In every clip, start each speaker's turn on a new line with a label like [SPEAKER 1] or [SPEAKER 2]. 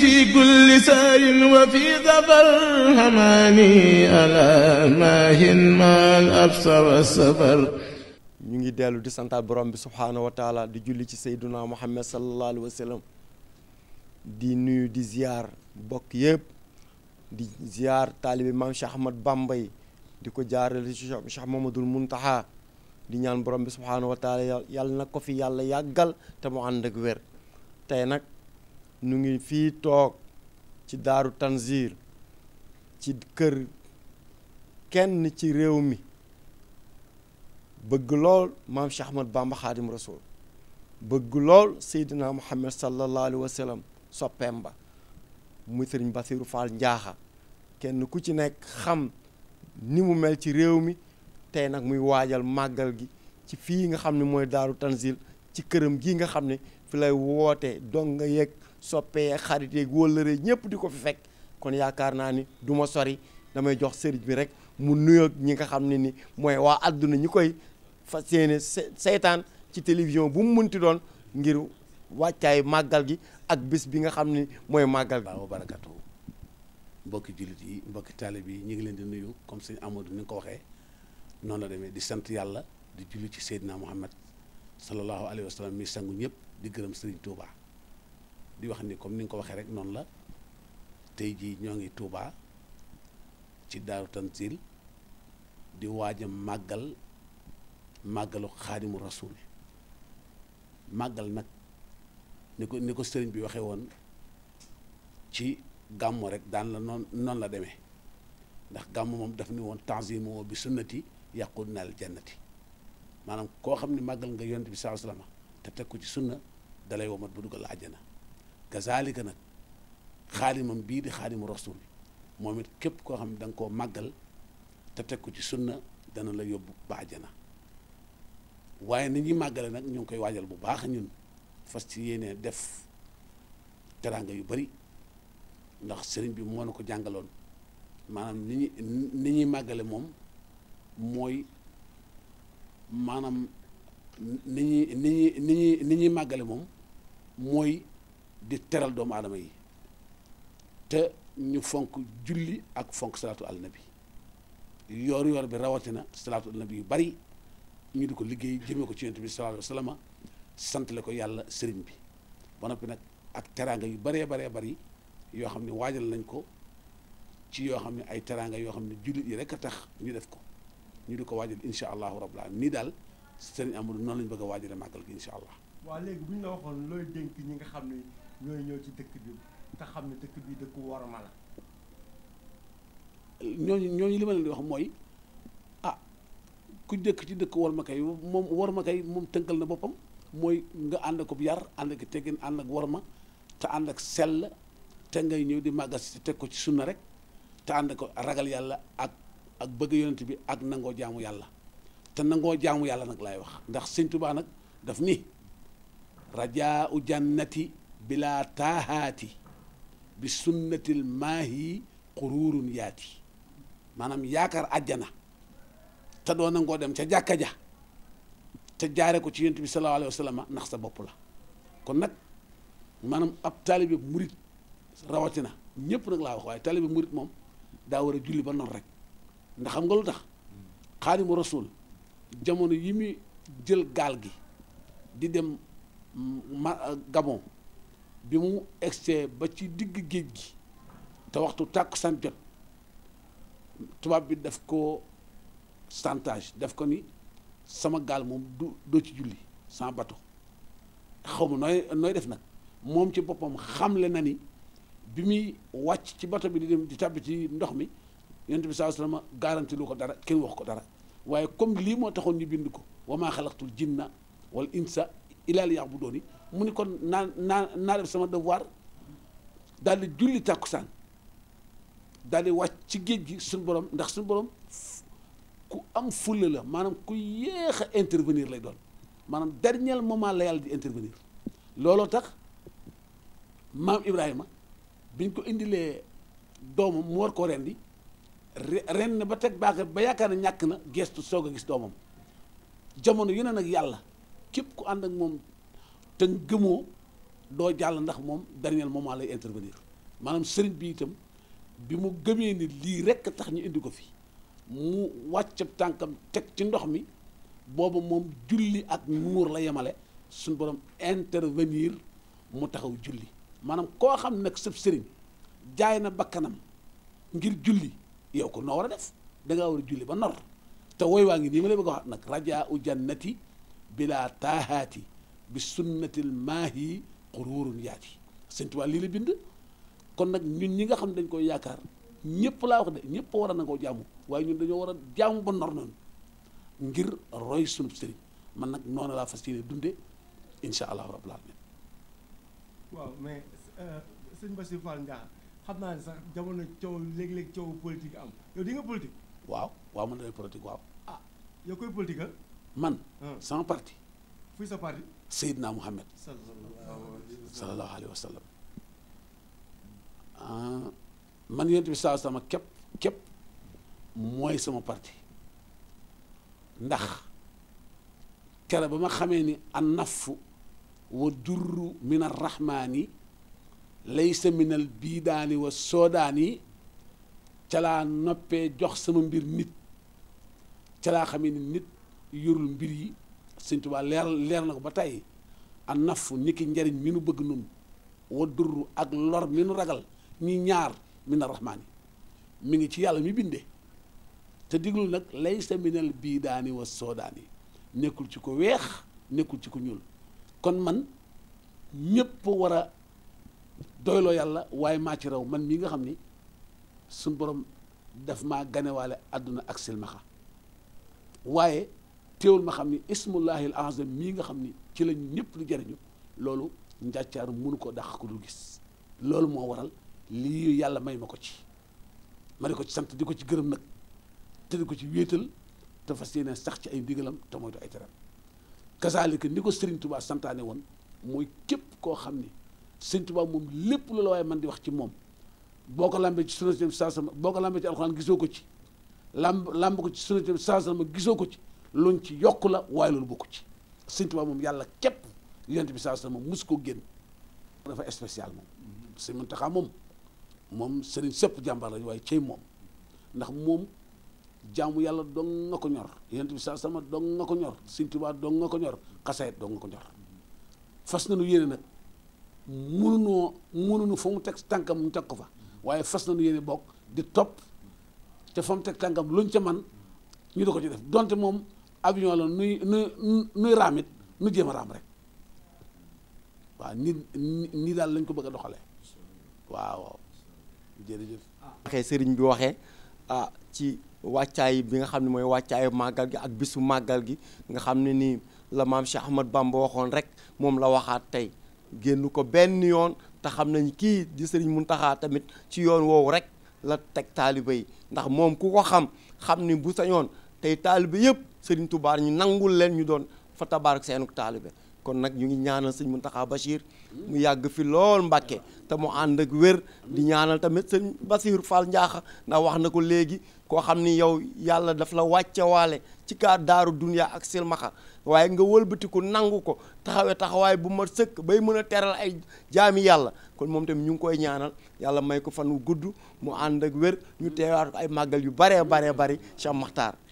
[SPEAKER 1] في كل سار وفي ظفر حماني ألا ماهن ما الأبس والسفر
[SPEAKER 2] ñu ngi dellu di santaal borom bi subhaanahu wa taala di julli ci sayduna muhammad sallallahu alayhi wa sallam di nuyu di ziar bokk yëpp di ziar taalibi maam Cheikh Ahmad di ko jaarale ci Cheikh Mamadul Muntaha di ñaan borom bi subhaanahu wa taala yàlla na ko fi yàlla yàggal te mu ànd ak wér tey nag nu ngi fii toog ci daaru Tanzir ci kër kenn ci réew mi bëgg lool maam Cheikh Ahmad Xaadim Rasul bëgg lool Seydina Muhammad sallallahu alayhi wa sallam soppeem ba mu sëriñ Basiru Fall Njaaxa kenn ku ci nekk xam ni mu mel ci réew mi tey nag muy waajal màggal gi ci fii nga xam ni mooy daaru Tanzil ci këram gi nga xam ni fi lay woote dong nga yegg soppee xarit yeeg wóllëre ñëpp di ko fi fekk kon yaakaar naa ni duma sori damay jox sëriñ bi rek mu nuyoo ñi nga xam ne ni mooy waa àdduna ñi koy fas yéene seytaan ci télévision bu mu munti doon ngir wàccaay màggal gi ak bis bi nga xam ni mooy màggal gi. waaw barakatu
[SPEAKER 3] mbokki jullit yi mbokki taalib yi ñu ngi leen di nuyu comme sëñ Amadou ni nga ko waxee noonu la demee di sant yàlla di julli ci Seydina Muhammad sallallahu alayhi wa sallam mi sangu ñëpp di gërëm Serigne Touba. di wax ni comme ni nga ko waxee rek noonu la tey jii ñoo ngi Touba ci Daaru Tansil di waaj a màggal màggalu xaadimu rasul màggal nag ni ko ni ko sëriñ bi waxee woon ci gàmmu rek daan la noon noonu la demee ndax gàmmu moom daf ni woon tanzimu bi sunnati yàqu naal jannati maanaam koo xam ni màggal nga yonent bi sallallahu alayhi wasallam te teg ko ci sunna dalay womat bu dugal àjjana kazaalika nag xaalimam bii di xaalimu rasul moom it képp koo xam ne da koo màggal te teg ko ci sunna dana la yóbbu baajana waaye ni ñuy màggale nag ñu ngi koy waajal bu baax ñun fas ci yéenee def teraanga yu bari ndax sëriñ bi moo ko jàngaloon maanaam ni ñuy màggale moom mooy maanaam ni ñuy ni ñuy ni ñuy ni ñuy màggale moom mooy di teral doomu aadama yi te ñu fonk julli ak fonk salaatu alnabi yoor yoor bi rawatina salaatu alnabi yu bari ñu di ko liggéey jëmee ko ci bi sallallahu alayhi sant la ko yàlla sëriñ bi ba noppi nag ak teraanga yu baree baree bari yoo xam ne waajal nañ ko ci yoo xam ne ay teraanga yoo xam ne jullit yi rek a tax ñu def ko ñu di ko waajal incha allahu rabbil alamin nii daal sëriñ Amadou noonu lañ bëgg a waajale màggal gi incha allah.
[SPEAKER 2] ñooy ñëw ci dëkk bi te xam ne dëkk bi dëkk worma la. ñooñu ñooñu li ma wax mooy a ah, ku dëkk ci dëkk
[SPEAKER 3] worma kay moom worma kay moom tënkal na boppam mooy nga ànd ko ak yar ànd ak teggin ànd ak worma te ànd ak sell te ngay ñëw di màggal si teg ko ci sunna rek te ànd ko ragal yàlla ak ak bëgg yonent bi ak nangoo jaamu yàlla te nangoo jaamu yàlla nag laay wax ndax Sëñ Tuubaa nag daf ni rajaa u jannati bilaa taahaati bi sunnatil maahi xuruurun yaati maanaam yaakaar àjjana te na ngoo dem ca jàkka ja te jaare ko ci yonent bi sallallahu alayhi wa ndax sa bopp la kon nag maanaam ab taalibe murit rawatina ñëpp nag laa wax waaye taalibe murit moom daa war a julli ba noonu rek ndax xam nga lu tax xaadimu rasul jamono yi muy jël gaal gi di dem ma Gabon bi mu egsee ba ci digg géej gi te waxtu tàkkusaan jot tubaab bi daf ko santage daf ko ni sama gaal moom du doo ci julli sans bateau xaw ma nooy nooy def nag moom ci boppam xamle na ni bi muy wàcc ci bateau bi di dem di tàbbi ci ndox mi yonent bi sallallahu alayhi garanti lu ko dara kenn wax ko dara waaye comme lii moo taxoon ñu bind ko wa maa xalaqtul jinna wal insa bu liya'buduni mu ni kon naa naa naa def sama devoir daal di julli tàkkusaan daal di wàcc ci géej gi suñu borom ndax suñu borom ku am fulla la maanaam ku yéex a intervenir lay doon maanaam dernier moment la yàlla di intervenir looloo tax maam Ibrahima biñ ko indilee doomam mu war koo rendi ren na ba teg baax ba yaakaar ne ñàkk na gestu soog a gis doomam jamono yu ne nag yàlla képp ku ànd ak moom te gëmoo doo jàll ndax moom dernier moment lay intervenir maanaam sëriñ bi itam bi mu gëmee ni lii rekk tax ñu indi ko fi mu wàcc tànkam teg ci ndox mi booba moom julli ak muur la yemale suñ borom intervenir mu taxaw julli maanaam koo xam nag sëb sëriñ jaay na bakkanam ngir julli yow ko noo war a def danga war a julli ba nor te woy waa ngi nii ma lay bëgg a wax nag rajaa u jannati bila bi sunnatil maahi xuruurun yaati Sëñ Tuubaa lii la bind kon nag ñun ñi nga xam ne dañ koy yaakaar ñëpp laa wax de ñëpp war a nangoo jaamu waaye ñun dañoo war a jaamu ba nor ngir roy man nag noonu laa fas yéene dunde incha allahu rabbil alamin
[SPEAKER 2] waaw euh, sëñ Bassirou Fall xam naa ne sax jamono coow léeg-léeg coow politique am yow di nga politique.
[SPEAKER 3] waaw waaw man damay politique waaw. ah
[SPEAKER 2] yow koy politique ah? man. Ah. sama parti. fuy sa parti
[SPEAKER 3] Seydina Mouhamed sallallahu ah, man yent bi saa sama képp képp mooy sama parti ndax kere ba ma xamee ni an nafu wa durru min arrahmaani laysa min al biidaani wa soodaani ca laa noppee jox sama mbir nit ca laa xamee ni nit yorul mbir yi sëñ Tuubaa leer leer na ko ba tey a naf ni ki njariñ mi nu bëgg nun wa durru ak lor mi nu ragal ñi ñaar mi na raxmaani mi ngi ci yàlla mi bindee te diglu nag lay sa minal bii daani wa soodaani nekkul ci ko weex nekkul ci ko ñuul kon man ñépp war a doyloo yàlla waaye maa ci raw man mii nga xam ni suñ borom daf maa ganewaale àdduna ak silmaxa waaye teewul ma xam ni ismullahil azam mii nga xam ni ci la ñëpp lu jariñu loolu njàccaaru mënu koo dàq ko du gis loolu moo waral lii yàlla may ma ko ci ma di ko ci sant di ko ci gërëm nag te di ko ci wéetal te fas yéene sax ci ay ndigalam te moytu ay teram kasaalika ni ko Serigne tubaa santaane woon mooy képp koo xam ni Serigne Touba moom lépp lu la waaye man di wax ci moom boo ko lambee ci sunna saa sama boo ko lambee ci alxuraan gisoo ko ci lamb lamb ko ci sunna saa sama gisoo ko ci luñ ci yokk la waaye loolu bokk ci Sëñ Tuubaa moom yàlla képp yonent bi saa sama moom mus ko génn dafa spécial moom Sëñ Muntaxaa moom moom sëriñ sëpp jàmbaar lañu waaye cey moom ndax moom jaamu yàlla dong nga ko ñor yonent bi saa sama dong nga ko ñor Sëñ Tuubaa dong nga ko ñor xasaayit dong nga ko ñor fas nu yéene nag mënunoo mënunu fa mu teg tànkam mu teg ko fa waaye fas nañu yéene bokk di topp te fa mu teg tànkam luñ ca man ñu di ko ci def donte moom avion la nuy nuy nuy raam nu jéem a raam rek waaw nit nii daal lañ ko bëgg a doxale
[SPEAKER 2] waaw waaw jërëjëf. waxee sëriñ bi waxee ah ci wàccaay bi nga xam ne mooy wàccaay màggal gi ak bisu màggal gi nga xam ne nii la maam Cheikh Ahmad Bamba waxoon rek moom la waxaat tey génn ko benn yoon te xam nañ kii di sëriñ mun taxaa tamit ci yoon woowu rek la teg taaliba yi ndax moom ku ko xam xam ni bu sañoon tey taalibe yëpp Serigne Touba ñu nangul leen ñu doon fa tabaarak seenuk taalibe kon nag ñu ngi ñaanal sëñ Mountakha Bachir mu yàgg fi lool Mbàkke te mu ànd ak wér di ñaanal tamit sëñ Bachir ndax wax na ko léegi koo xam ni yow yàlla daf la wàccewaale ci kaa daaru dunya ak silmaxa waaye nga wëlbatiku nangu ko taxawee taxawaay bu ma sëkk bay mën a teral ay jaami yàlla kon moom tamit ñu ngi koy ñaanal yàlla may ko fan wu gudd mu ànd ak wér ñu teewaat ay màggal yu baree baree bari Cheikh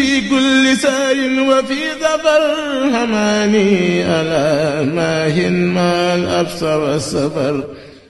[SPEAKER 1] في كل سار وفي ظفر هماني ألا ماهن ما الأبصر والسفر